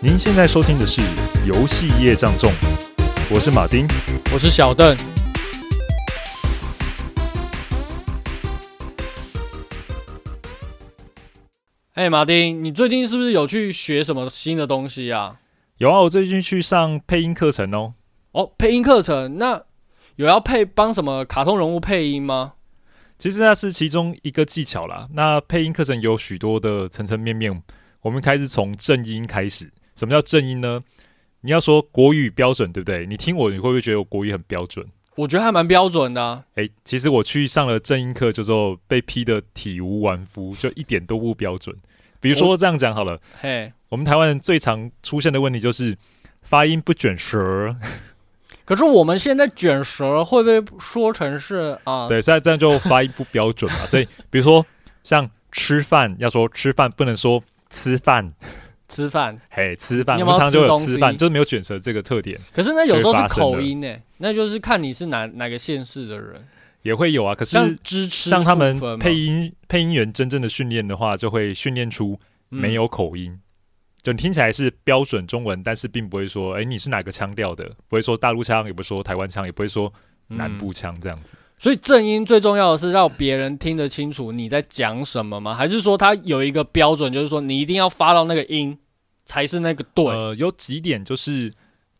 您現在收聽的是《遊戲業障眾》，我是馬丁，我是小鄧。哎，馬丁，你最近是不是有去學什麼新的東西呀、啊？有啊，我最近去上配音課程哦。哦，配音課程，那有要配幫什麼卡通人物配音嗎？其實那是其中一個技巧啦。那配音課程有許多的層層面面，我們開始從正音開始。什麼叫正音呢？你要說國語標準，對不對？你聽我，你會不會覺得我國語很標準？我覺得還蠻標準的啊。哎，其實我去上了正音課之後，被批得體無完膚，就一點都不標準。比如說這樣講好了，嘿，我們台灣人最常出現的問題就是發音不卷舌。可是我們現在卷舌，會不會說成是啊？對，現在這樣就發音不標準嘛。 所以，比如說像吃飯，要說吃飯，不能說吃飯。吃飯，嘿，吃飯，我們常常就有吃飯，就是沒有捲舌這個特點。可是那有時候是口音呢、欸，那就是看你是哪哪個縣市的人，也會有啊。可是像支持像他們配音配音員真正的訓練的話，就會訓練出沒有口音，嗯、就你聽起來是標準中文，但是並不會說，哎、欸，你是哪個腔調的？不會說大陸腔，也不說台灣腔，也不會說南部腔這樣子。嗯所以正音最重要的是讓別人聽得清楚你在講什麼嗎？還是說它有一個標準，就是說你一定要發到那個音，才是那個對？呃，有幾點就是，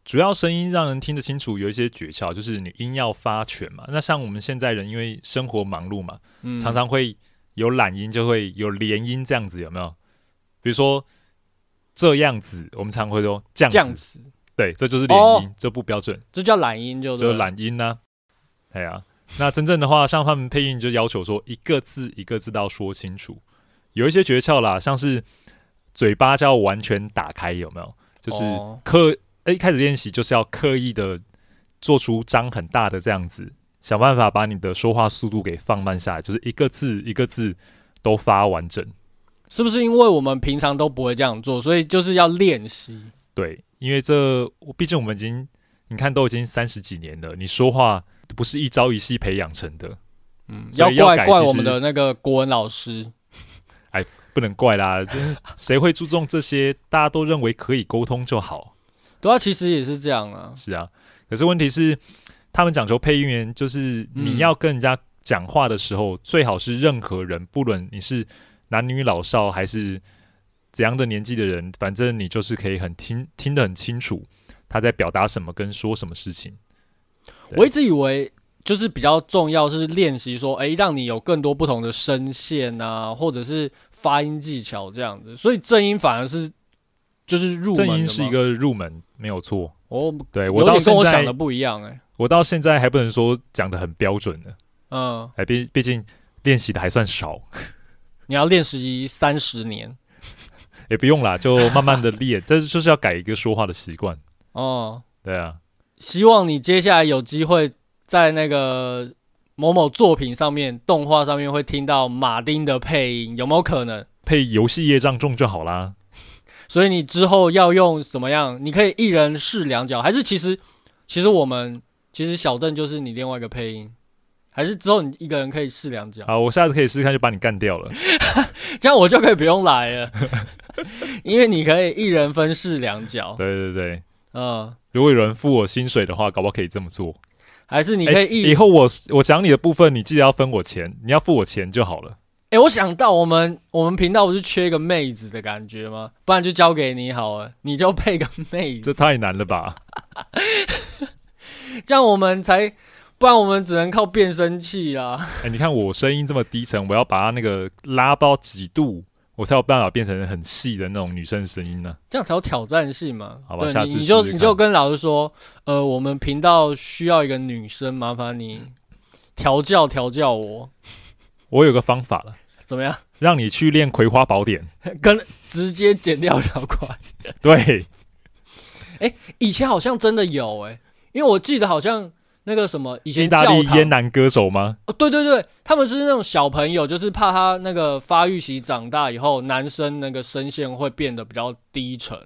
主要聲音讓人聽得清楚有一些訣竅，就是你音要發全嘛。那像我們現在人因為生活忙碌嘛，嗯，常常會有懶音，就會有連音這樣子，有沒有？比如說這樣子，我們常會說這樣子，這樣子對，這就是連音，哦，這不標準，這叫懶音就，就是懶音呢、啊。對啊。 那真正的話，像他們配音就要求說一個字一個字都要說清楚，有一些訣竅啦，像是嘴巴就要完全打開，有沒有？就是刻誒、哦，一開始練習就是要刻意的做出張很大的這樣子，想辦法把你的說話速度給放慢下來，就是一個字一個字都發完整。是不是因為我們平常都不會這樣做，所以就是要練習？對，因為這畢竟我們已經。你看，都已經三十幾年了，你說話不是一朝一夕培養成的，嗯，要怪怪，怪我們的那個國文老師，哎，不能怪啦，就 是誰會注重這些？大家都認為可以溝通就好，對啊，其實也是這樣啊，是啊，可是問題是，他們講究配音員，就是你要跟人家講話的時候，嗯，最好是任何人，不論你是男女老少還是怎樣的年紀的人，反正你就是可以很聽聽得很清楚。他在表達什麼，跟說什麼事情？我一直以為就是比較重要是練習說，哎、欸，讓你有更多不同的聲線啊，或者是發音技巧這樣子。所以正音反而是就是入門，正音是一個入門，沒有錯。哦，對，我到現在跟我想的不一樣，哎、欸，我到現在還不能說講得很標準呢。嗯，哎、欸，畢畢竟練習的還算少，你要練習三十年？也、欸、不用啦，就慢慢的練， 這就是要改一個說話的習慣。哦，對啊，希望你接下來有機會在那個某某作品上面、動畫上面會聽到馬丁的配音，有沒有可能？配遊戲業障重就好啦。所以你之後要用什麼樣？你可以一人飾兩角，還是其實其實我們其實小鄧就是你另外一個配音，還是之後你一個人可以飾兩角？啊，我下次可以試試看就把你幹掉了， 這樣我就可以不用來了， 因為你可以一人分飾兩角。 對對對。嗯，如果有人付我薪水的話，搞不好可以這麼做。還是你可以、欸、以後我我講你的部分，你記得要分我錢，你要付我錢就好了。哎、欸，我想到我們我們頻道不是缺一個妹子的感覺嗎？不然就交給你好了，你就配個妹子。這太難了吧？ 這樣我們才，不然我們只能靠變聲器啦。哎、欸，你看我聲音這麼低沉，我要把它那個拉到幾度。我才有辦法變成很細的那種女生聲音呢、啊，這樣才有挑戰性嘛。好吧，下次試試，你就你就跟老師說，呃，我們頻道需要一個女生，麻煩你調教調教我。我有個方法了，怎麼樣？讓你去練《葵花寶典》 跟，跟直接剪掉條塊。 對，哎、欸，以前好像真的有，哎、欸，因為我記得好像。那個什麼，意大利閹男歌手嗎？哦，對對對，他們是那種小朋友，就是怕他那個發育期長大以後，男生那個聲線會變得比較低沉。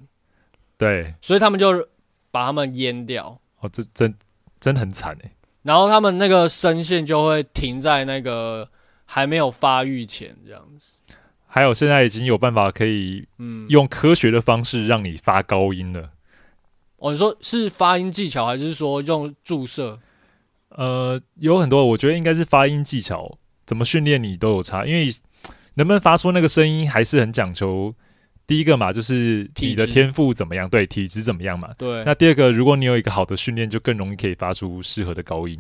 對，所以他們就把他們閹掉。哦，這真真很慘。然後他們那個聲線就會停在那個還沒有發育前這樣子。還有，現在已經有辦法可以，嗯，用科學的方式讓你發高音了。嗯。哦，你說是發音技巧，還是說用注射？呃，有很多，我覺得應該是發音技巧，怎麼訓練你都有差。因為能不能發出那個聲音還是很講究。第一個嘛，就是你的天賦怎麼樣，對，體質怎麼樣嘛。對。那第二個，如果你有一個好的訓練，就更容易可以發出適合的高音。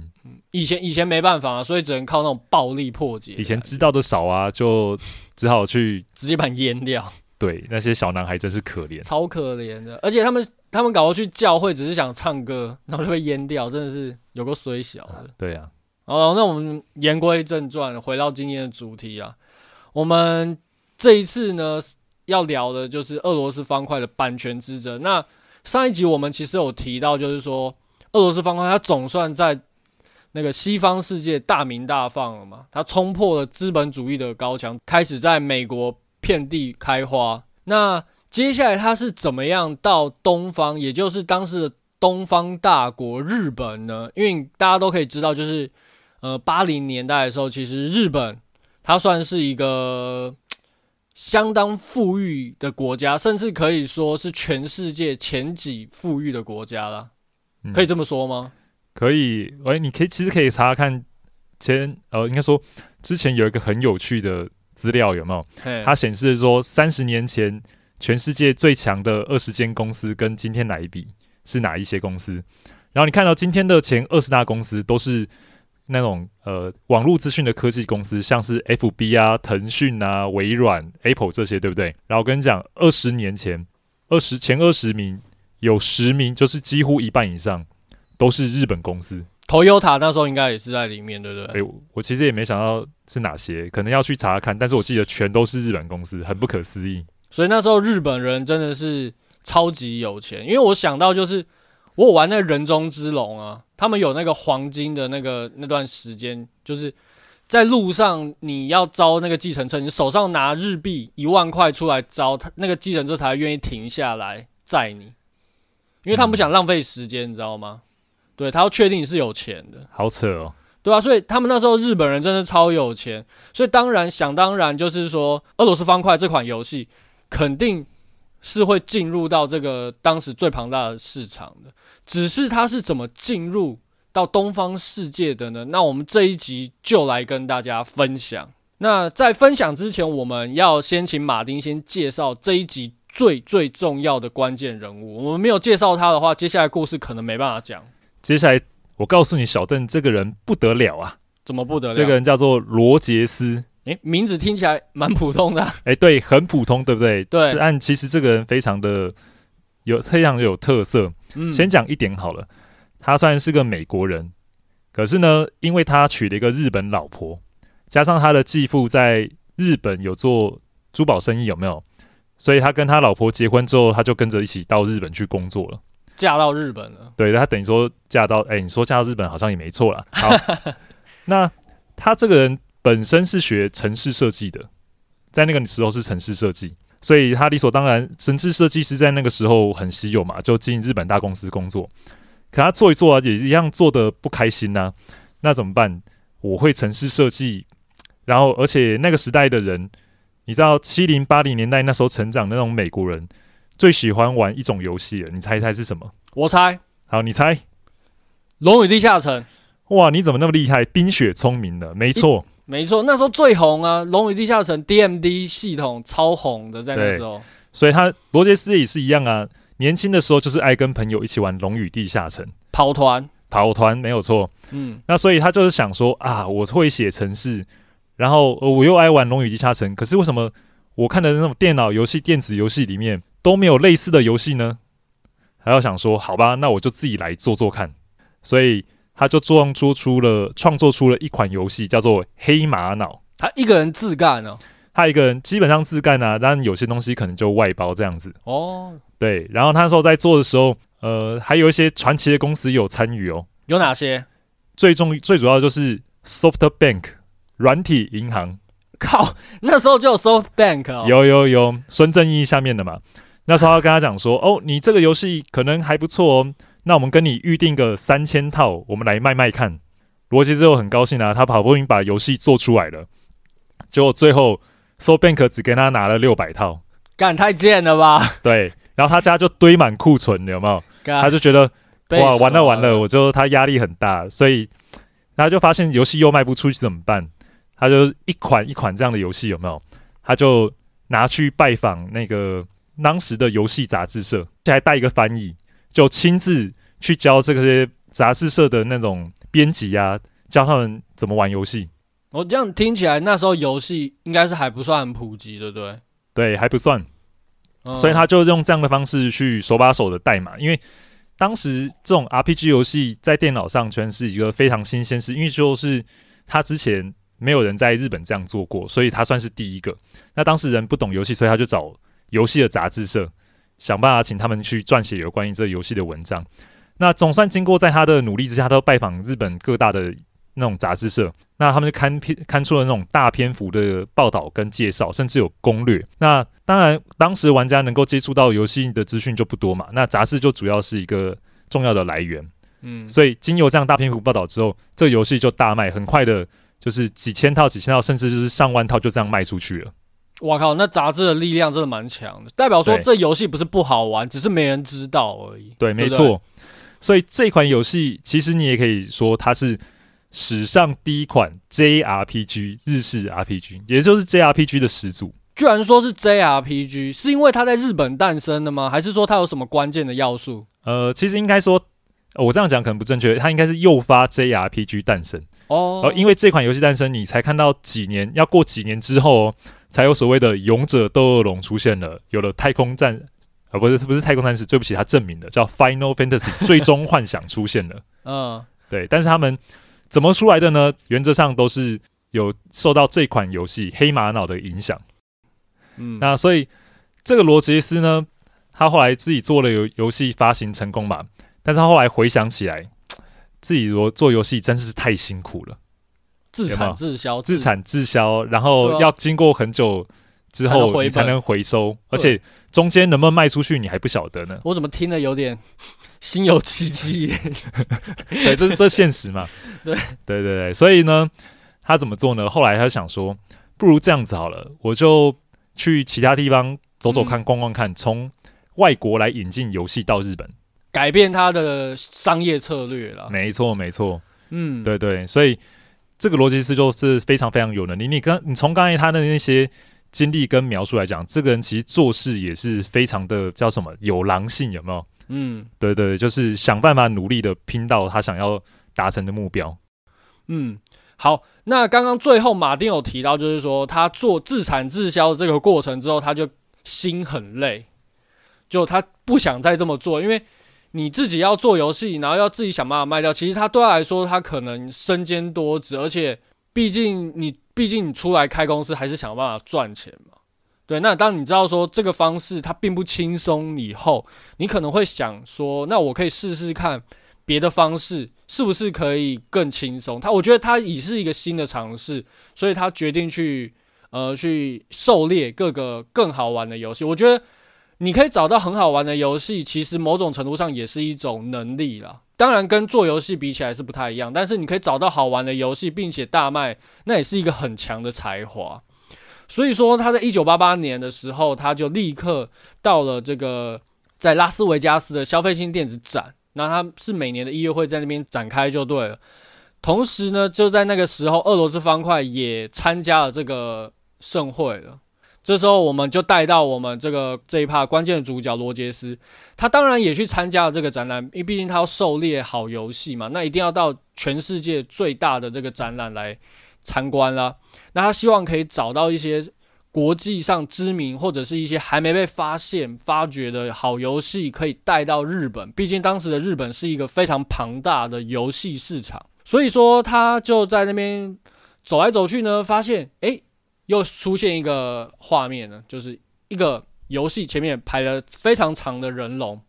以前以前沒辦法啊，所以只能靠那種暴力破解。以前知道的少啊，就只好去 直接把你閹掉。對，那些小男孩真是可憐，超可憐的，而且他們。他們搞過去教會，只是想唱歌，然後就被淹掉，真的是有個衰小的。啊、對呀、啊。哦、oh,，那我們言歸正傳，回到今天的主題啊。我們這一次呢，要聊的就是俄羅斯方塊的版權之爭。那上一集我們其實有提到，就是說俄羅斯方塊它總算在那個西方世界大鳴大放了嘛，它衝破了資本主義的高牆，開始在美國遍地開花。那接下來它是怎麼樣到東方，也就是當時的東方大國日本呢？因為大家都可以知道，就是呃八零年代的時候，其實日本它算是一個相當富裕的國家，甚至可以說是全世界前幾富裕的國家了。嗯、可以這麼說嗎？可以，哎、欸，你可以其實可以查查看前，呃，應該說之前有一個很有趣的資料有沒有？它顯示說三十年前。全世界最強的二十間公司跟今天來比是哪一些公司？然後你看到、哦、今天的前二十大公司都是那種呃網絡資訊的科技公司，像是 F B 啊、騰訊啊、微軟、Apple 這些，對不對？然後我跟你講，二十年前二十前二十名有十名，就是幾乎一半以上都是日本公司。Toyota 那時候應該也是在裡面，對不對？誒、欸，我其實也沒想到是哪些，可能要去查看。但是我記得全都是日本公司，很不可思議。所以那時候日本人真的是超級有錢，因為我想到就是我有玩那個人中之龍啊，他們有那個黃金的那個那段時間，就是在路上你要招那個計程車，你手上拿日幣一萬塊出來招他，那個計程車才願意停下來載你，因為他們不想浪費時間，嗯，你知道嗎？對，他要確定你是有錢的，好扯哦，對啊，所以他們那時候日本人真的超有錢，所以當然想當然就是說俄羅斯方塊這款遊戲。肯定是會進入到這個當時最龐大的市場的，只是他是怎麼進入到東方世界的呢？那我們這一集就來跟大家分享。那在分享之前，我們要先請馬丁先介紹這一集最最重要的關鍵人物。我們沒有介紹他的話，接下來故事可能沒辦法講。接下來我告訴你，小鄧這個人不得了啊！怎麼不得了？這個人叫做羅杰斯。哎，名字聽起來蠻普通的。哎，對，很普通，對不對？對，但其實這個人非常的有，非常有特色。嗯，先講一點好了。他雖然是個美國人，可是呢，因為他娶了一個日本老婆，加上他的繼父在日本有做珠寶生意，有沒有？所以他跟他老婆結婚之後，他就跟着一起到日本去工作了。嫁到日本了？對，他等於說嫁到，哎，你說嫁到日本好像也沒錯啦。好， 那他這個人。本身是學城市設計的，在那個時候是城市設計，所以他理所當然，城市設計師在那個時候很稀有嘛，就進日本大公司工作。可他做一做啊，也一樣做的不開心吶、啊。那怎麼辦？我會城市設計，然後而且那個時代的人，你知道七零八零年代那時候成長的那種美國人，最喜歡玩一種遊戲了。你猜一猜是什麼？我猜。好，你猜。龍與地下城。哇，你怎麼那麼厲害？冰雪聰明的，沒錯。嗯沒錯，那時候最紅啊，《龍與地下城》DMD 系統超紅的，在那時候。所以他羅傑斯也是一樣啊，年輕的時候就是愛跟朋友一起玩《龍與地下城》跑團，跑團，沒有錯。嗯，那所以他就是想說啊，我會寫程式，然後我又愛玩《龍與地下城》，可是為什麼我看的那種電腦遊戲、電子遊戲裡面都沒有類似的遊戲呢？還要想說，好吧，那我就自己來做做看。所以。他就做做出了創作出了一款遊戲，叫做《黑瑪瑙》。他一個人自幹哦，他一個人基本上自幹啊，但有些東西可能就外包這樣子哦。對，然後他說在做的時候，呃，還有一些傳奇的公司有參與哦。有哪些？最重最主要就是 SoftBank 軟體銀行。靠，那時候就有 SoftBank 哦。有有有，孫正義下面的嘛。那時候他跟他講說，啊：“哦，你這個遊戲可能還不錯哦。”那我們跟你預定個三千套，我們來賣賣看。羅傑最後很高興啊，他好不容易把遊戲做出來了，結果最後 So Bank 只跟他拿了六百套，幹太賤了吧？對，然後他家就堆滿庫存，有沒有？他就覺得哇，完了完了，我就他壓力很大，所以他就發現遊戲又賣不出去怎麼辦？他就一款一款這樣的遊戲有沒有？他就拿去拜訪那個、那個、當時的遊戲雜誌社，還帶一個翻譯。就親自去教這些雜誌社的那種編輯啊，教他們怎麼玩遊戲。我、哦、這樣聽起來，那時候遊戲應該是還不算很普及，對不對？對，還不算。嗯、所以他就用這樣的方式去手把手的代碼，因為當時這種 RPG 遊戲在電腦上全是一個非常新鮮事，因為就是他之前沒有人在日本這樣做過，所以他算是第一個。那當時人不懂遊戲，所以他就找遊戲的雜誌社。想辦法請他們去撰寫有關於這個遊戲的文章。那總算經過在他的努力之下，他都拜訪日本各大的那種雜誌社，那他們就刊篇刊出了那種大篇幅的報道跟介紹，甚至有攻略。那當然，當時玩家能夠接觸到遊戲的資訊就不多嘛。那雜誌就主要是一個重要的來源。嗯，所以經由這樣大篇幅報道之後，這個遊戲就大賣，很快的，就是幾千套、幾千套，甚至就是上萬套就這樣賣出去了。哇靠！那雜誌的力量真的蠻強的，代表說這遊戲不是不好玩，只是沒人知道而已。對，沒錯。所以這款遊戲其實你也可以說它是史上第一款 JRPG 日式 RPG，也就是 JRPG 的始祖。居然說是 JRPG，是因為它在日本誕生的嗎？還是說它有什麼關鍵的要素？呃，其實應該說，我這樣講可能不正確，它應該是誘發 JRPG 誕生哦、Oh. 呃。因為這款遊戲誕生，你才看到幾年，要過幾年之後、哦。才有所謂的勇者鬥惡龍出現了，有了太空戰啊，呃、不是不是太空戰士，對不起，它正名的叫 Final Fantasy，最終幻想出現了。 嗯，對，但是他們怎麼出來的呢？原則上都是有受到這款遊戲《黑瑪瑙》的影響。嗯，那所以這個羅傑斯呢，他後來自己做了遊遊戲發行成功嘛，但是他後來回想起來，自己如做遊戲真的是太辛苦了。自產自銷，自產自銷，然後要經過很久之後你才能回收，而且中間能不能賣出去你還不曉得呢。我怎麼聽了有點心有戚戚焉？ 對，這是這現實嘛？對，對對對，所以呢，他怎麼做呢？後來他想說，不如這樣子好了，我就去其他地方走走看、逛逛看，從、嗯、外國來引進遊戲到日本，改變他的商業策略了。沒錯，沒錯。嗯，對，對對，所以。這個邏輯是就是非常非常有能力。你剛你從剛才他的那些經歷跟描述來講，這個人其實做事也是非常的叫什麼有狼性，有沒有？嗯，對對，就是想辦法努力的拼到他想要達成的目標。嗯，好，那剛剛最後馬丁有提到，就是說他做自產自銷這個過程之後，他就心很累，就他不想再這麼做，因為。你自己要做遊戲，然後要自己想辦法賣掉。其實他對他來說，他可能身兼多職，而且畢竟你畢竟你出來開公司，還是想辦法賺錢嘛。對，那當你知道說這個方式它並不輕鬆以後，你可能會想說，那我可以試試看別的方式是不是可以更輕鬆。他我覺得他已是一個新的嘗試，所以他決定去呃去狩獵各個更好玩的遊戲。我覺得。你可以找到很好玩的遊戲，其實某種程度上也是一種能力啦。當然，跟做遊戲比起來是不太一樣，但是你可以找到好玩的遊戲，並且大賣，那也是一個很強的才華。所以說，他在一九八八年的時候，他就立刻到了這個在拉斯維加斯的消費性電子展，那他是每年的音樂會在那邊展開就對了。同時呢，就在那個時候，俄羅斯方塊也參加了這個盛會了。這時候，我們就帶到我們這個這一趴關鍵的主角羅傑斯，他當然也去參加了這個展覽，因為畢竟他要狩獵好遊戲嘛，那一定要到全世界最大的這個展覽來參觀啦。那他希望可以找到一些國際上知名或者是一些還沒被發現發掘的好遊戲，可以帶到日本。畢竟當時的日本是一個非常龐大的遊戲市場，所以說他就在那邊走來走去呢，發現誒。又出現一個畫面呢，就是一個遊戲前面排了非常長的人龍，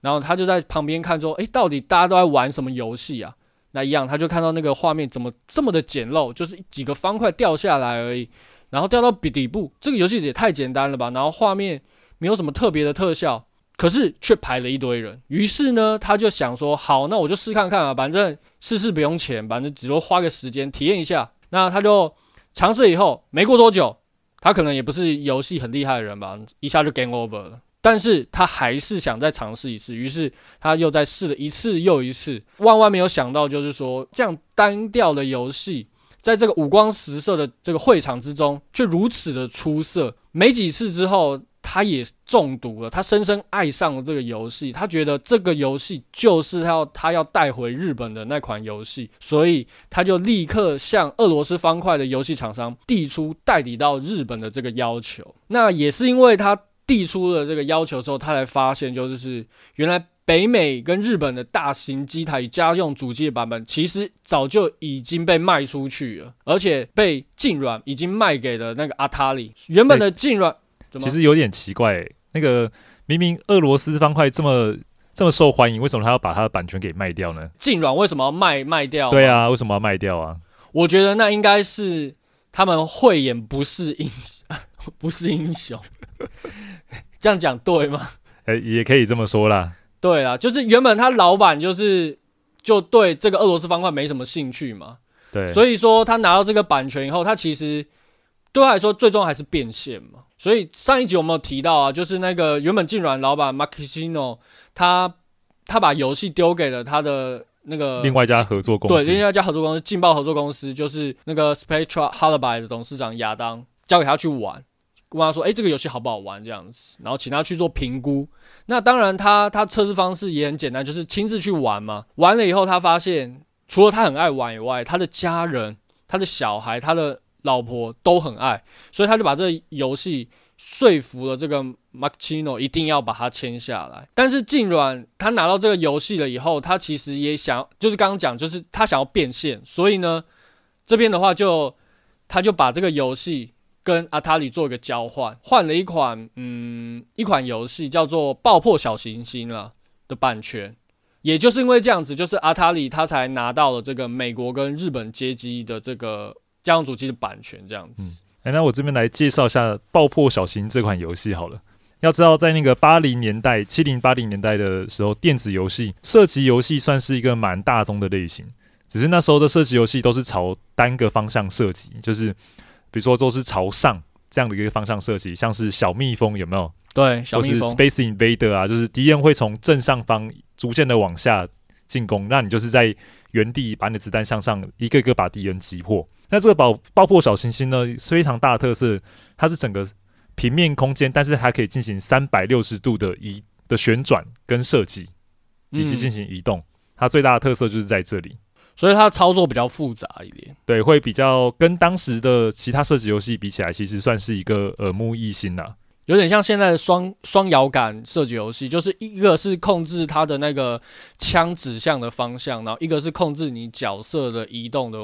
然後他就在旁邊看說：“哎、欸，到底大家都在玩什麼遊戲啊？”那一樣，他就看到那個畫面怎麼這麼的簡陋，就是幾個方塊掉下來而已，然後掉到底底部。這個遊戲也太簡單了吧？然後畫面沒有什麼特別的特效，可是卻排了一堆人。於是呢，他就想說：“好，那我就試看看啊，反正試試不用錢，反正只多花個時間體驗一下。”那他就。嘗試以後，沒過多久，他可能也不是遊戲很厲害的人吧，一下就 game over 了。但是他還是想再嘗試一次，於是他又再試了一次又一次。萬萬沒有想到，就是說這樣單調的遊戲，在這個五光十色的這個會場之中，卻如此的出色。沒幾次之後。他也中毒了，他深深愛上了這個遊戲，他覺得這個遊戲就是要他要帶回日本的那款遊戲，所以他就立刻向俄羅斯方塊的遊戲廠商遞出代理到日本的這個要求。那也是因為他遞出了這個要求之後，他才發現就是原來北美跟日本的大型機台、家用主機的版本，其實早就已經被賣出去了，而且被進軟已經賣給了那個阿塔里，原本的進軟。其實有點奇怪、欸，那個明明俄羅斯方塊這麼這麼受歡迎，為什麼他要把他的版權給賣掉呢？竟然為什麼要賣賣掉？對啊，為什麼要賣掉啊？我覺得那應該是他們慧眼不是英雄。不是英雄， 這樣講對嗎？誒、欸，也可以這麼說啦。對啊，就是原本他老闆就是就對這個俄羅斯方塊沒什麼興趣嘛，對，所以說他拿到這個版權以後，他其實。對他來說，最終還是變現嘛。所以上一集我們有提到啊，就是那個原本進軟老闆 Marcusino，他他把遊戲丟給了他的那個另外一家合作公司，對，另外一家合作公司勁爆合作公司，就是那個 Spectrum Holobyte 的董事長亞當，交給他去玩，問他說：“哎、欸，這個遊戲好不好玩？”這樣子，然後請他去做評估。那當然他，他他測試方式也很簡單，就是親自去玩嘛。玩了以後，他發現除了他很愛玩以外，他的家人、他的小孩、他的。老婆都很愛，所以他就把這個遊戲說服了。這個 Machino 一定要把它簽下來。但是靜軟他拿到這個遊戲了以後，他其實也想，就是剛剛講，就是他想要變現。所以呢，這邊的話就，他就把這個遊戲跟阿塔里做一個交換，換了一款，嗯，一款遊戲叫做《爆破小行星了》了的版權。也就是因為這樣子，就是阿塔里他才拿到了這個美國跟日本街機的這個。家用主機的版權這樣子嗯。嗯、欸，那我這邊來介紹一下《爆破小型》這款遊戲好了。要知道，在那個八零年代、七零八零年代的時候，電子遊戲射擊遊戲算是一個蠻大眾的類型。只是那時候的射擊遊戲都是朝單個方向射擊，就是比如說都是朝上這樣的一個方向射擊，像是小蜜蜂有沒有？對，小蜜蜂。或是 Space Invader 啊，就是敵人會從正上方逐漸的往下進攻，那你就是在原地把你的子彈向上一個個把敵人擊破。那這個爆爆破小行星呢，非常大的特色，它是整個平面空間，但是它可以進行三百六十度的移的旋轉跟射擊，以及進行移動、嗯。它最大的特色就是在這裡，所以它的操作比較複雜一點，對，會比較跟當時的其他射擊遊戲比起來，其實算是一個耳目一新啦。有點像現在的雙雙搖桿射擊遊戲，就是一個是控制它的那個槍指向的方向，然後一個是控制你角色的移動的。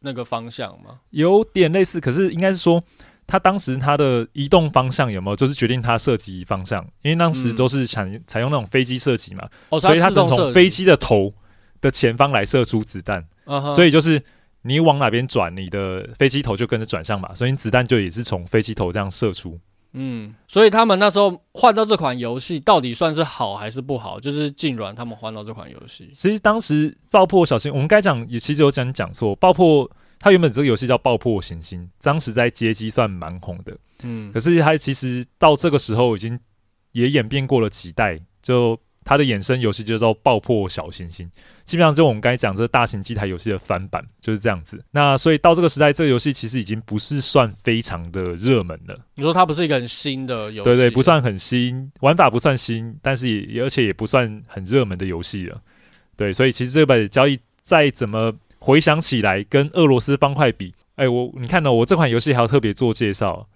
那個方向嗎？有點類似，可是應該是說，他當時他的移動方向有沒有，就是決定他射擊方向？因為當時都是採採、嗯、用那種飛機射擊嘛、哦，所以它只能從飛機的頭的前方來射出子彈、啊。所以就是你往哪邊轉，你的飛機頭就跟着轉向嘛，所以子彈就也是從飛機頭這樣射出。嗯，所以他們那時候換到這款遊戲到底算是好還是不好？就是竟然他們換到這款遊戲，其實當時《爆破小星》，我們該講也其實有講講錯，《爆破》它原本這個遊戲叫《爆破行星》，當時在街機算蠻紅的。嗯，可是它其實到這個時候已經也演變過了幾代，就。它的衍生遊戲就叫做《爆破小行星》，基本上就我們剛才講這大型機台遊戲的翻版，就是這樣子。那所以到這個時代，這個遊戲其實已經不是算非常的熱門了。你說它不是一個很新的遊戲？對對，不算很新，玩法不算新，但是也而且也不算很熱門的遊戲了。對，所以其實這本交易再怎麼回想起來，跟俄羅斯方塊比，哎，我你看到、喔、我這款遊戲還要特別做介紹、啊，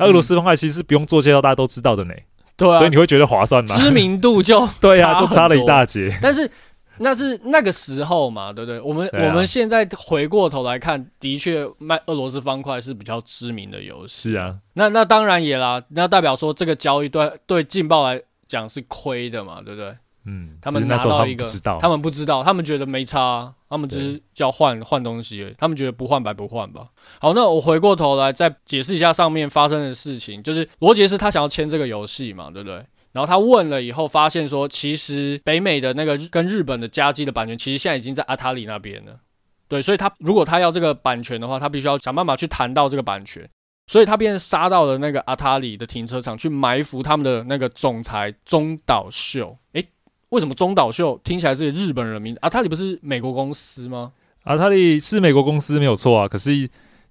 俄羅斯方塊其實是不用做介紹，大家都知道的呢。對、啊，所以你會覺得划算嗎？知名度就 對啊，就差了一大截。但是那是那個時候嘛，對不對，對？我們、啊、我們現在回過頭來看，的確賣俄羅斯方塊是比較知名的遊戲。是啊，那那當然也啦。那代表說這個交易對對勁爆來講是虧的嘛，對不對，對？嗯，他們拿到一個，知道、嗯、他們知道他們不知道，他們覺得沒差、啊，他們只是叫換換東西，他們覺得不換白不換吧。好，那我回過頭來再解釋一下上面發生的事情，就是羅傑斯他想要簽這個遊戲嘛，對不對？然後他問了以後，發現說其實北美的那個跟日本的家機的版權，其實現在已經在阿塔里那邊了，對，所以他如果他要這個版權的話，他必須要想辦法去談到這個版權，所以他便殺到了那個阿塔里的停車場去埋伏他們的那個總裁中島秀，欸為什麼中島秀聽起來是日本人名啊？阿塔里不是美國公司嗎？阿塔里是美國公司沒有錯啊，可是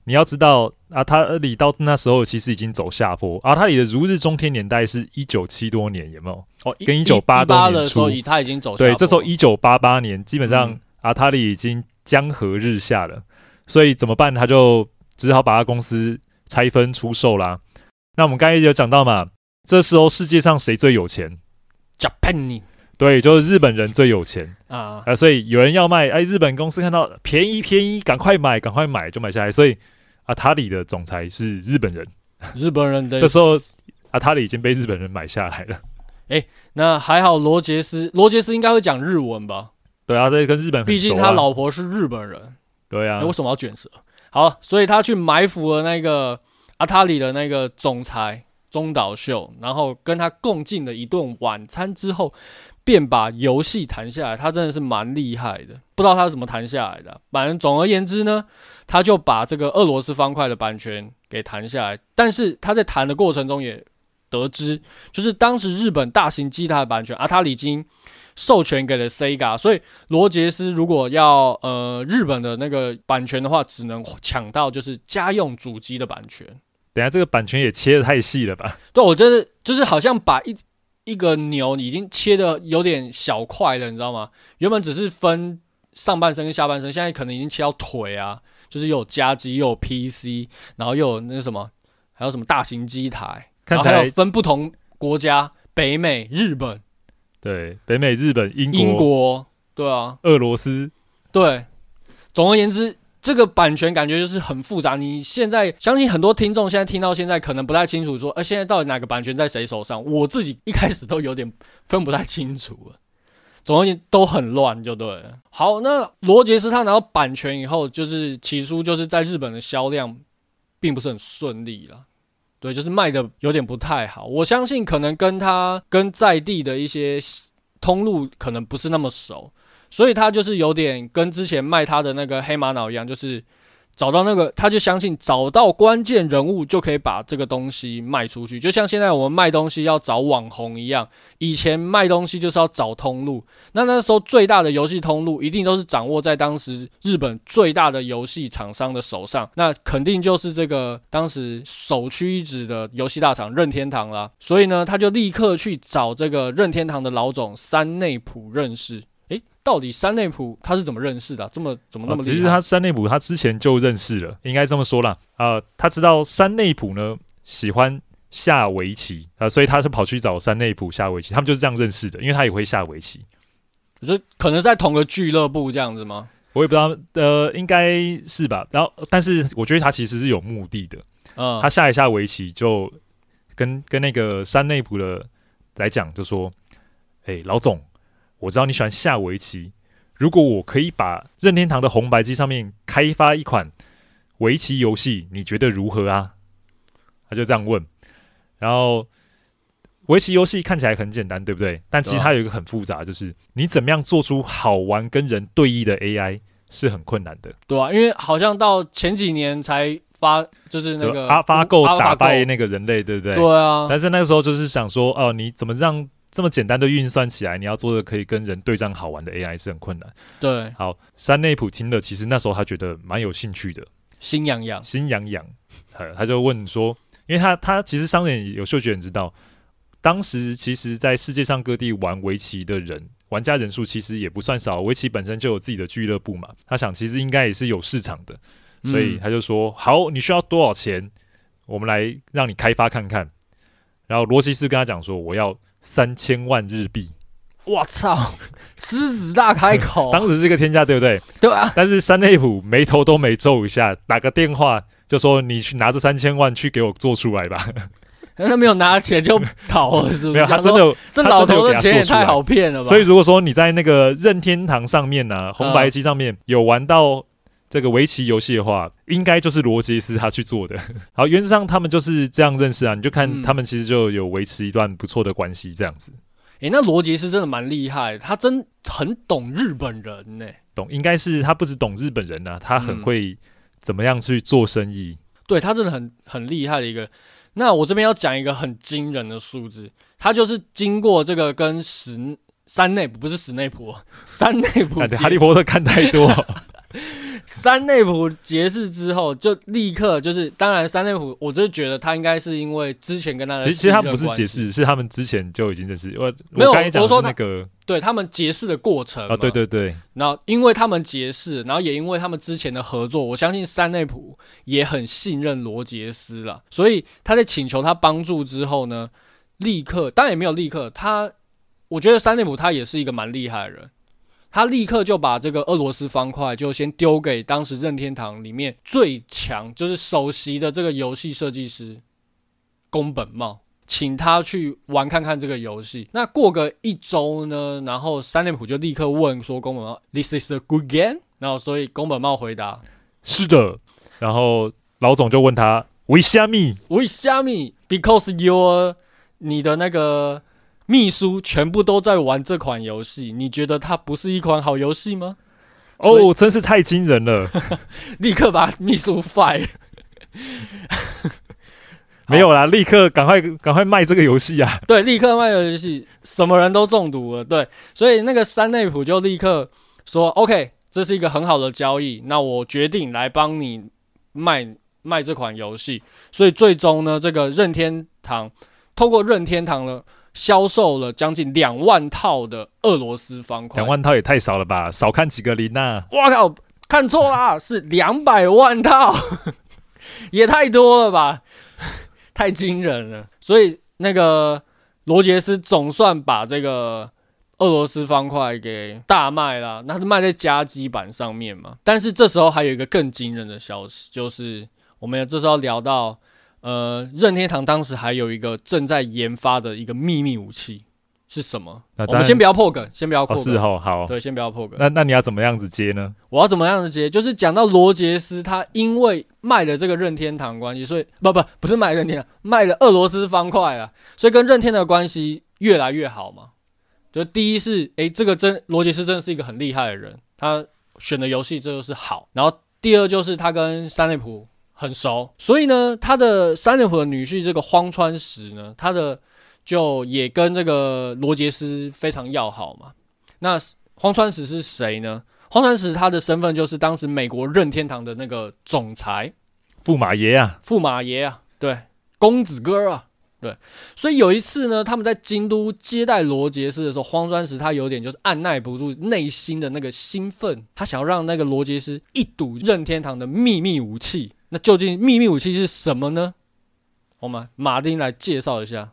你要知道，阿塔里到那時候其實已經走下坡。阿塔里的如日中天年代是一九七多年，有沒有？哦，跟一九八八年初，所以他已經走下坡對。這時候一九八八年，基本上、嗯、阿塔里已經江河日下了，所以怎麼辦？他就只好把他公司拆分出售啦。那我們剛才有講到嘛，這時候世界上誰最有錢？Japanese。Japan, 對，就是日本人最有錢啊，呃，所以有人要賣，哎，日本公司看到便宜便宜，趕快買，趕快買，就買下來。所以，阿塔里的總裁是日本人，日本人的。這時候，阿塔里已經被日本人買下來了。哎，那還好，羅傑斯，羅傑斯應該會講日文吧？對啊，這跟日本很熟啊，畢竟他老婆是日本人。對啊，那為什麼要卷舌？好，所以他去埋伏了那個阿塔里的那個總裁中島秀，然後跟他共進了一頓晚餐之後。便把遊戲談下來，他真的是蠻厲害的，不知道他是怎麼談下來的啊。反正總而言之呢，他就把這個俄羅斯方塊的版權給談下來。但是他在談的過程中也得知，就是當時日本大型機台的版權，阿、啊、他已經授權給了 SEGA，所以羅傑斯如果要呃日本的那個版權的話，只能搶到就是家用主機的版權。等下這個版權也切得太細了吧？對，我覺得就是好像把一。一個牛已經切的有點小塊了，你知道嗎？原本只是分上半身跟下半身，現在可能已經切到腿啊，就是又有家機，又有 PC，然後又有那什麼，還有什麼大型機台，然後還有分不同國家，北美、日本，對，北美、日本、英國英國，對啊，俄羅斯，對，總而言之。這個版權感覺就是很複雜。你現在相信很多聽眾現在聽到現在可能不太清楚，說，哎、欸，現在到底哪個版權在誰手上？我自己一開始都有點分不太清楚了，總而言之，都很亂，就對了。好，那羅杰斯他拿到版權以後，就是起初就是在日本的銷量，並不是很順利啦。對，就是賣得有點不太好。我相信可能跟他跟在地的一些通路可能不是那麼熟。所以他就是有點跟之前賣他的那個黑瑪瑙一樣，就是找到那個，他就相信找到關鍵人物就可以把這個東西賣出去，就像現在我們賣東西要找網紅一樣。以前賣東西就是要找通路，那那時候最大的遊戲通路一定都是掌握在當時日本最大的遊戲廠商的手上，那肯定就是這個當時首屈一指的遊戲大廠任天堂啦。所以呢，他就立刻去找這個任天堂的老總山內溥認識。誒，到底山內普他是怎麼認識的、啊？這麼怎麼那麼厲害？其實、啊、他山內普他之前就認識了，應該這麼說啦。啊、呃，他知道山內普呢喜歡下圍棋啊、呃，所以他就跑去找山內普下圍棋，他們就是這樣認識的，因為他也會下圍棋。這可能是在同個俱樂部這樣子嗎？我也不知道，呃，應該是吧。然後，但是我覺得他其實是有目的的。嗯，他下一下圍棋，就跟跟那個山內普的來講，就說：“哎，老總。”我知道你喜歡下圍棋。如果我可以把任天堂的紅白機上面開發一款圍棋遊戲，你覺得如何啊？他就這樣問。然後，圍棋遊戲看起來很簡單，對不對？但其實它有一個很複雜，就是、啊、你怎麼樣做出好玩跟人對弈的 AI 是很困難的，對啊，因為好像到前幾年才發，就是那個、就是、AlphaGo 打，打敗那個人類，對不對？對啊。但是那個時候就是想說，哦、呃，你怎麼讓？這麼簡單的運算起來，你要做的可以跟人對戰好玩的 AI 是很困難。對，好，山內溥聽了，其實那時候他覺得蠻有興趣的，心癢癢，心癢癢，呃， 他就問說，因為他他其實商人有嗅覺，你知道當時其實，在世界上各地玩圍棋的人玩家人數其實也不算少，圍棋本身就有自己的俱樂部嘛，他想其實應該也是有市場的，所以他就說、嗯，好，你需要多少錢，我們來讓你開發看看。然後羅西斯跟他講說，我要。三千萬日幣，我操！獅子大開口， 當時是個天價，對不對？對啊。但是山內溥眉頭都沒皺一下，打個電話就說：“你去拿這三千萬去給我做出來吧。”他沒有拿錢就跑了，是不是？他真的，這老頭的錢也太好騙了，了吧？所以如果說你在那個任天堂上面呢、啊，紅白機上面有玩到。這個圍棋遊戲的話，應該就是羅傑斯他去做的。好，原則上他們就是這樣認識啊，你就看他們其實就有維持一段不錯的關係這樣子。哎、嗯欸，那羅傑斯真的蠻厲害的，他真很懂日本人呢、欸。懂，應該是他不止懂日本人呢、啊，他很會怎麼樣去做生意。嗯、對，他真的很很厲害的一個。那我這邊要講一個很驚人的數字，他就是經過這個跟史山內不是史內普山內普、啊，哈利波特看太多。 山 內溥結識之後，就立刻就是，當然山內溥，我就覺得他應該是因為之前跟他的其，其實他們不是結識，是他們之前就已經認識。我沒有，我剛才講說那個，他對他們結識的過程啊，哦、對，對對對。然後因為他們結識，然後也因為他們之前的合作，我相信山內溥也很信任羅傑斯了，所以他在請求他幫助之後呢，立刻當然也沒有立刻，他我覺得山內溥他也是一個蠻厲害的人。他立刻就把這個俄羅斯方塊就先丟給當時任天堂裡面最強，就是首席的這個遊戲設計師宮本茂，請他去玩看看這個遊戲。那過個一周呢，然後山內溥就立刻問說公：“宮本茂，This is a good game？” 然後所以宮本茂回答：“是的。”然後老總就問他：“為蝦米 為蝦米 because you are 你的那個。”秘書全部都在玩這款遊戲，你覺得它不是一款好遊戲嗎？哦，真是太驚人了！ 立刻把秘書 fire 沒有啦，立刻趕快趕快賣這個遊戲啊！對，立刻賣遊戲，什麼人都中毒了。對，所以那個山內溥就立刻說：“OK，這是一個很好的交易，那我決定來幫你賣賣這款遊戲。”所以最終呢，這個任天堂通過任天堂呢銷售了將近兩萬套的俄羅斯方塊，兩萬套也太少了吧？少看幾個零吶、啊！哇靠，看錯啦，是兩百萬套， 也太多了吧， 太驚人了。所以那個羅傑斯總算把這個俄羅斯方塊給大賣了，那是賣在家機板上面嘛。但是這時候還有一個更驚人的消息，就是我們這時候聊到。呃，任天堂當時還有一個正在研發的一個秘密武器是什麼？啊、我們先不要破梗，先不要破梗。哦哦，好，對，先不要破梗。那那你要怎麼樣子接呢？我要怎麼樣子接？就是講到羅傑斯，他因為賣了這個任天堂關係，所以不不不是賣任天堂，賣了俄羅斯方塊啊，所以跟任天堂的關係越來越好嘛。就第一是，哎、欸，這個真羅傑斯真的是一個很厲害的人，他選的遊戲這就是好。然後第二就是他跟山內溥。很熟，所以呢，他的三井府的女婿這個荒川實呢，他的就也跟這個羅傑斯非常要好嘛。那荒川實是誰呢？荒川實他的身份就是當時美國任天堂的那個總裁，駙馬爺啊，駙馬爺啊，對，公子哥啊，對。所以有一次呢，他們在京都接待羅傑斯的時候，荒川實他有點就是按捺不住內心的那個興奮，他想要讓那個羅傑斯一睹任天堂的秘密武器。那究竟秘密武器是什麼呢？我們馬丁來介紹一下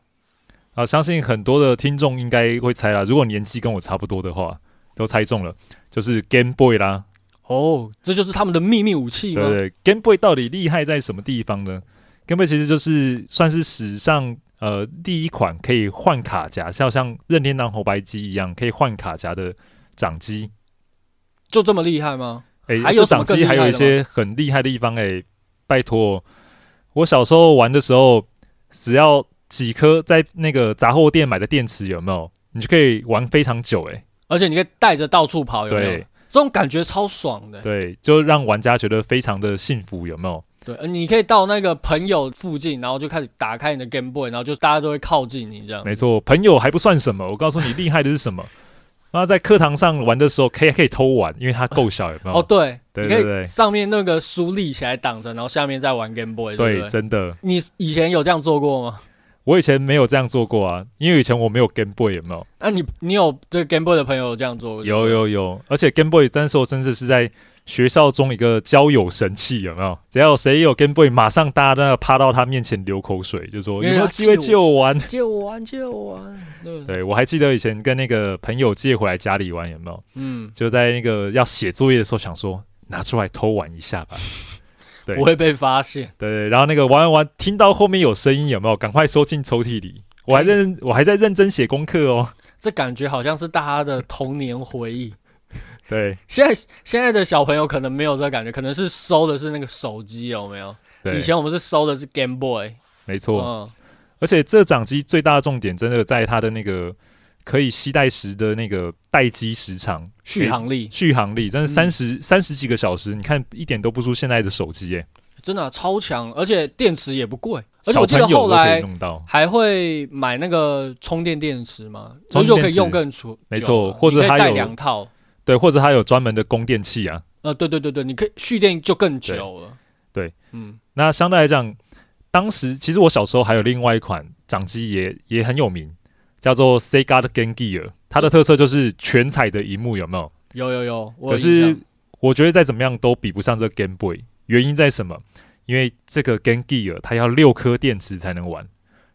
啊！相信很多的聽眾應該會猜啦，如果年紀跟我差不多的話，都猜中了，就是 Game Boy 啦。哦，這就是他們的秘密武器。對對,對，Game Boy 到底厲害在什麼地方呢？Game Boy 其實就是算是史上呃第一款可以換卡夾，像像任天堂紅白機一樣可以換卡夾的掌機。就這麼厲害嗎？哎、欸欸，這掌機還有一些很厲害的地方誒。欸拜託，我小時候玩的時候，只要幾顆在那個雜貨店買的電池，有沒有？你就可以玩非常久，欸，誒，而且你可以帶着到處跑，有沒有？這種感覺超爽的，欸，對，就讓玩家覺得非常的幸福，有沒有？對，你可以到那個朋友附近，然後就開始打開你的 Game Boy，然後就大家都會靠近你，這樣沒錯。朋友還不算什麼，我告訴你，厲害的是什麼？ 那在課堂上玩的時候，可以可以偷玩，因為它夠小，有沒有？哦，對，對，你可以，對對對，上面那個書立起來擋着，然後下面再玩 Game Boy，對不對？對，真的，你以前有這樣做過嗎？我以前沒有這樣做過啊，因為以前我沒有 Game Boy，有沒有？那、啊、你你有對 Game Boy 的朋友有這樣做過？有有有，而且 Game Boy 那時候甚至是在。學校中一個交友神器有沒有？只要誰有，有 Game Boy，馬上大家都要趴到他面前流口水，就說：“有沒有機會借我玩？借我玩，借我玩。對”對，我還記得以前跟那個朋友借回來家裡玩有沒有？嗯，就在那個要寫作業的時候，想說拿出來偷玩一下吧。嗯、對，不會被發現。對，然後那個玩玩玩，聽到後面有聲音有沒有？趕快收進抽屜裡。我還認真、欸，我還在認真寫功課哦、欸。這感覺好像是大家的童年回憶。對，現在現在的小朋友可能沒有這個感覺，可能是收的是那個手機，有沒有？對，以前我們是收的是 Game Boy，沒錯。嗯，而且這掌機最大的重點，真的在它的那個可以攜帶時的那個待機時長、續航力、續航力，但是三十三十幾個小時，你看一點都不輸現在的手機，哎，真的、啊、超強，而且電池也不貴。而且我記得後來還會買那個充電電池嗎？充電電池可以用更久，沒錯，或者還有兩套。對，或者它有專門的供電器啊。呃、啊，對對對對，你可以蓄電就更久了對。對，嗯，那相對來講，當時其實我小時候還有另外一款掌機也，也也很有名，叫做 Sega Game Gear。它的特色就是全彩的螢幕，有沒有？有有有，有。可是我覺得再怎麼樣都比不上這 Game Boy，原因在什麼？因為這個 Game Gear 它要六顆電池才能玩，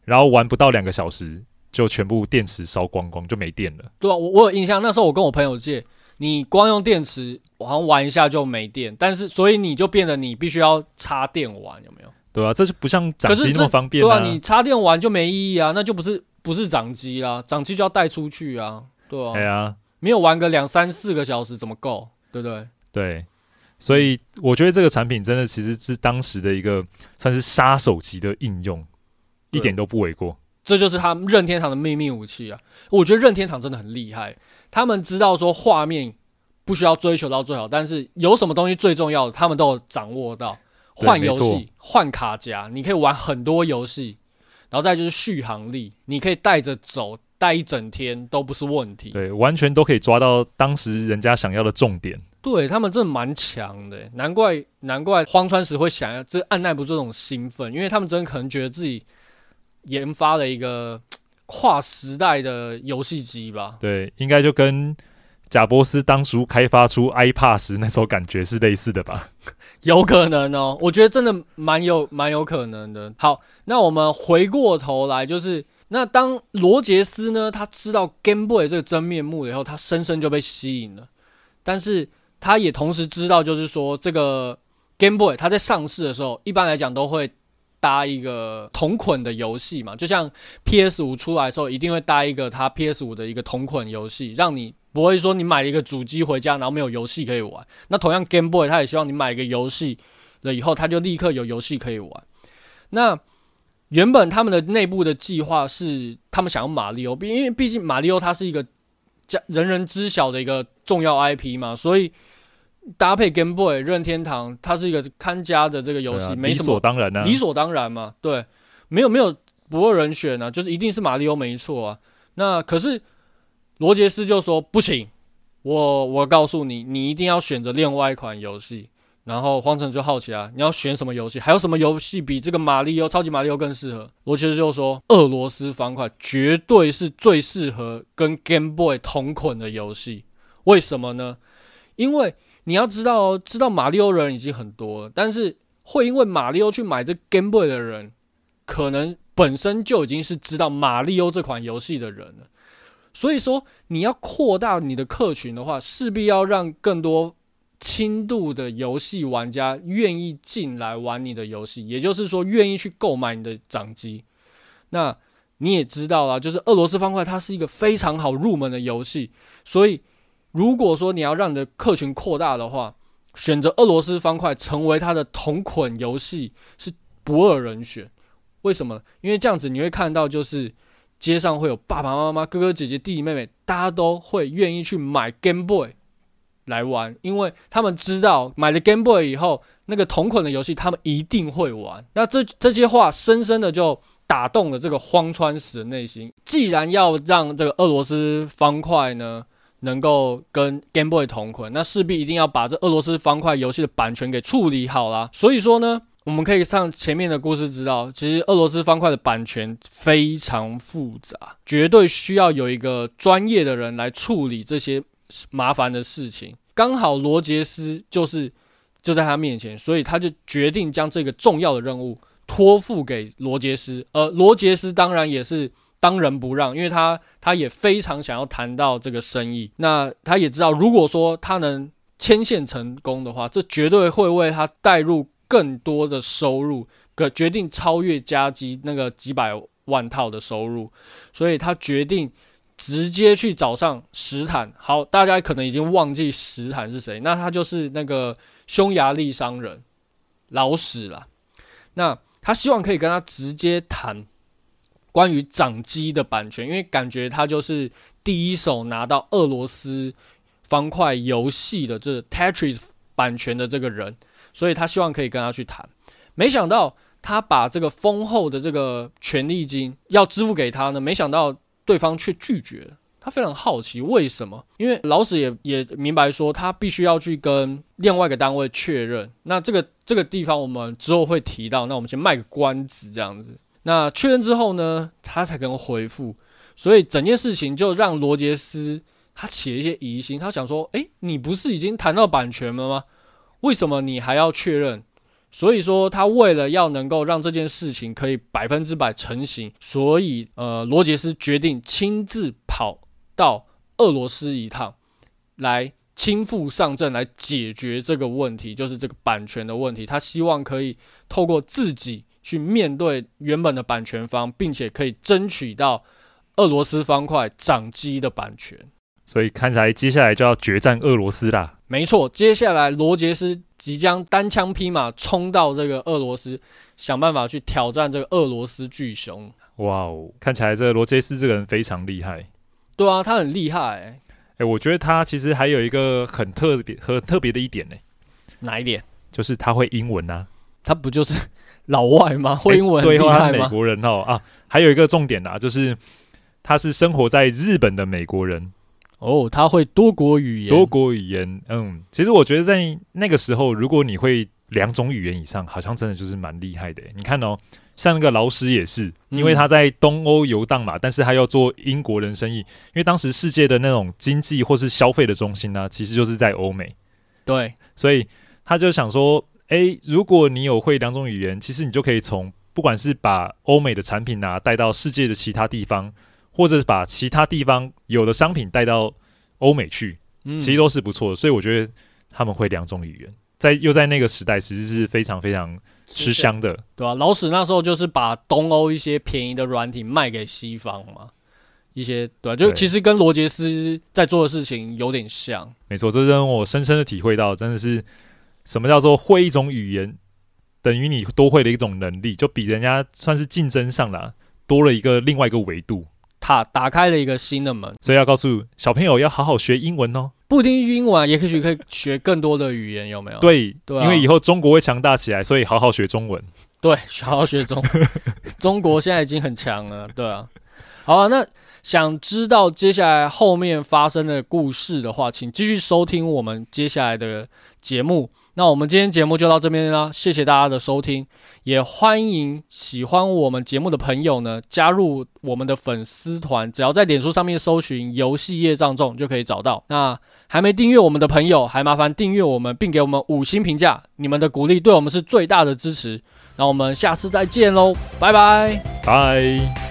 然後玩不到兩個小時就全部電池燒光光，就沒電了。對啊，我我有印象，那時候我跟我朋友借。你光用電池我好像玩一下就沒電，但是所以你就變得你必須要插電玩，有沒有？對啊，這就不像掌機那麼方便啊，對啊！你插電玩就沒意義啊，那就不是不是掌機啦，掌機就要帶出去啊，啊，對啊。沒有玩個兩三四個小時怎麼夠？對對對，對，所以我覺得這個產品真的其實是當時的一個算是殺手級的應用，一點都不為過。這就是他們任天堂的秘密武器啊！我覺得任天堂真的很厲害，他們知道說，畫面不需要追求到最好，但是有什麼東西最重要的，他們都有掌握到。換遊戲、換卡夾，你可以玩很多遊戲，然後再就是續航力，你可以帶着走，帶一整天都不是問題。對，完全都可以抓到當時人家想要的重點。對他們真的蠻強的，難怪難怪荒川實會想要這按捺不住這種興奮，因為他們真的可能覺得自己。研發了一個跨時代的遊戲機吧，對，應該就跟賈伯斯當初開發出 iPad 時那種感覺是類似的吧？有可能哦、喔，我覺得真的蠻有蠻有可能的。好，那我們回過頭來，就是那當羅傑斯呢，他知道 Game Boy 這個真面目以後，他深深就被吸引了，但是他也同時知道，就是說這個 Game Boy 他在上市的時候，一般來講都會。搭一個同捆的遊戲嘛，就像 PS 五出來的時候，一定會搭一個它 PS 五的一個同捆遊戲，讓你不會說你買了一個主機回家，然後沒有遊戲可以玩。那同樣 Game Boy，他也希望你買一個遊戲了以後，他就立刻有遊戲可以玩。那原本他們的內部的計劃是，他們想要馬里奧，因為畢竟馬里奧它是一個人人知曉的一個重要 IP 嘛，所以。搭配 Game Boy 任天堂，它是一個看家的這個遊戲、啊，沒什麼理所當然呢、啊，理所當然嘛，對，沒有沒有不二人選呢、啊，就是一定是馬里奧沒錯啊。那可是羅傑斯就說不行，我我告訴你，你一定要選擇另外一款遊戲。然後荒城就好奇啊，你要選什麼遊戲？還有什麼遊戲比這個馬里奧、超級馬里奧更適合？羅傑斯就說，俄羅斯方塊絕對是最適合跟 Game Boy 同捆的遊戲，為什麼呢？因為你要知道、哦，知道馬里奧人已經很多了，但是會因為馬里奧去買這 Game Boy 的人，可能本身就已經是知道馬里奧這款遊戲的人了。所以說，你要擴大你的客群的話，勢必要讓更多輕度的遊戲玩家願意進來玩你的遊戲，也就是說，願意去購買你的掌機。那你也知道啦，就是俄羅斯方塊，它是一個非常好入門的遊戲，所以。如果說你要讓你的客群擴大的話，選擇俄羅斯方塊成為他的同捆遊戲是不二人選。為什麼？因為這樣子你會看到，就是街上會有爸爸媽媽、哥哥姐姐、弟弟妹妹，大家都會願意去買 Game Boy 來玩，因為他們知道買了 Game Boy 以後，那個同捆的遊戲他們一定會玩。那這這些話深深的就打動了這個荒川實的內心。既然要讓這個俄羅斯方塊呢，能夠跟 Game Boy 同捆，那勢必一定要把這俄羅斯方塊遊戲的版權給處理好啦。所以說呢，我們可以上前面的故事知道，其實俄羅斯方塊的版權非常複雜，絕對需要有一個專業的人來處理這些麻煩的事情。剛好羅杰斯就是就在他面前，所以他就決定將這個重要的任務托付給羅杰斯。而羅杰斯當然也是。當仁不讓，因為他他也非常想要談到這個生意。那他也知道，如果說他能牽線成功的話，這絕對會為他帶入更多的收入，可決定超越加吉那個幾百萬套的收入。所以他決定直接去找上史坦。好，大家可能已經忘記史坦是誰，那他就是那個匈牙利商人老史了。那他希望可以跟他直接談。關於掌機的版權，因為感覺他就是第一手拿到俄羅斯方塊遊戲的這個 Tetris 版權的這個人，所以他希望可以跟他去談。沒想到他把這個豐厚的這個權利金要支付給他呢，沒想到對方卻拒絕了。他非常好奇為什麼？因為老史也也明白說他必須要去跟另外一個單位確認。那這個這個地方我們之後會提到，那我們先賣個關子這樣子。那確認之後呢，他才跟我回復，所以整件事情就讓羅傑斯他起了一些疑心，他想說，誒、欸，你不是已經談到版權了嗎？為什麼你還要確認？所以說他為了要能夠讓這件事情可以百分之百成型，所以呃，羅傑斯決定親自跑到俄羅斯一趟，來親赴上陣來解決這個問題，就是這個版權的問題，他希望可以透過自己。去面對原本的版權方，並且可以爭取到俄羅斯方塊掌機的版權，所以看起來接下來就要決戰俄羅斯啦。沒錯，接下來羅杰斯即將單槍匹馬衝到這個俄羅斯，想辦法去挑戰這個俄羅斯巨熊。哇哦，看起來這羅杰斯這個人非常厲害。對啊，他很厲害、欸。哎、欸，我覺得他其實還有一個很特別很特別的一點呢、欸。哪一點？就是他會英文啊。他不就是？老外嗎？會英文、欸、對、啊，他美國人哈啊，還有一個重點啊，就是他是生活在日本的美國人哦，他會多國語言，多國語言。嗯，其實我覺得在那個時候，如果你會兩種語言以上，好像真的就是蠻厲害的。你看哦，像那個勞斯也是，因為他在東歐遊蕩嘛、嗯，但是他要做英國人生意，因為當時世界的那種經濟或是消費的中心呢、啊，其實就是在歐美。對，所以他就想說。誒、欸，如果你有會兩種語言，其實你就可以從不管是把歐美的產品啊帶到世界的其他地方，或者是把其他地方有的商品帶到歐美去，嗯，其實都是不錯的、嗯。所以我覺得他們會兩種語言，在又在那個時代，其實是非常非常吃香的，對吧、啊？老史那時候就是把東歐一些便宜的軟體賣給西方嘛，一些對、啊，就其實跟羅傑斯在做的事情有點像，沒錯，這讓我深深的體會到，真的是。什麼叫做會一種語言，等於你多會了一種能力，就比人家算是競爭上啦、啊，多了一個另外一個維度，他打開了一個新的門。所以要告訴小朋友要好好學英文哦，不只英文，也許可以學更多的語言，有沒有？對，對、啊，因為以後中國會強大起來，所以好好學中文。對，好好學中文， 中國現在已經很強了。對啊，好啊，那想知道接下來後面發生的故事的話，請繼續收聽我們接下來的節目。那我們今天節目就到這邊啦，謝謝大家的收聽，也歡迎喜歡我們節目的朋友呢，加入我們的粉絲團，只要在臉書上面搜尋“遊戲業障重”就可以找到。那還沒訂閱我們的朋友，還麻煩訂閱我們，並給我們五星評價，你們的鼓勵對我們是最大的支持。那我們下次再見嘍，拜拜拜。Bye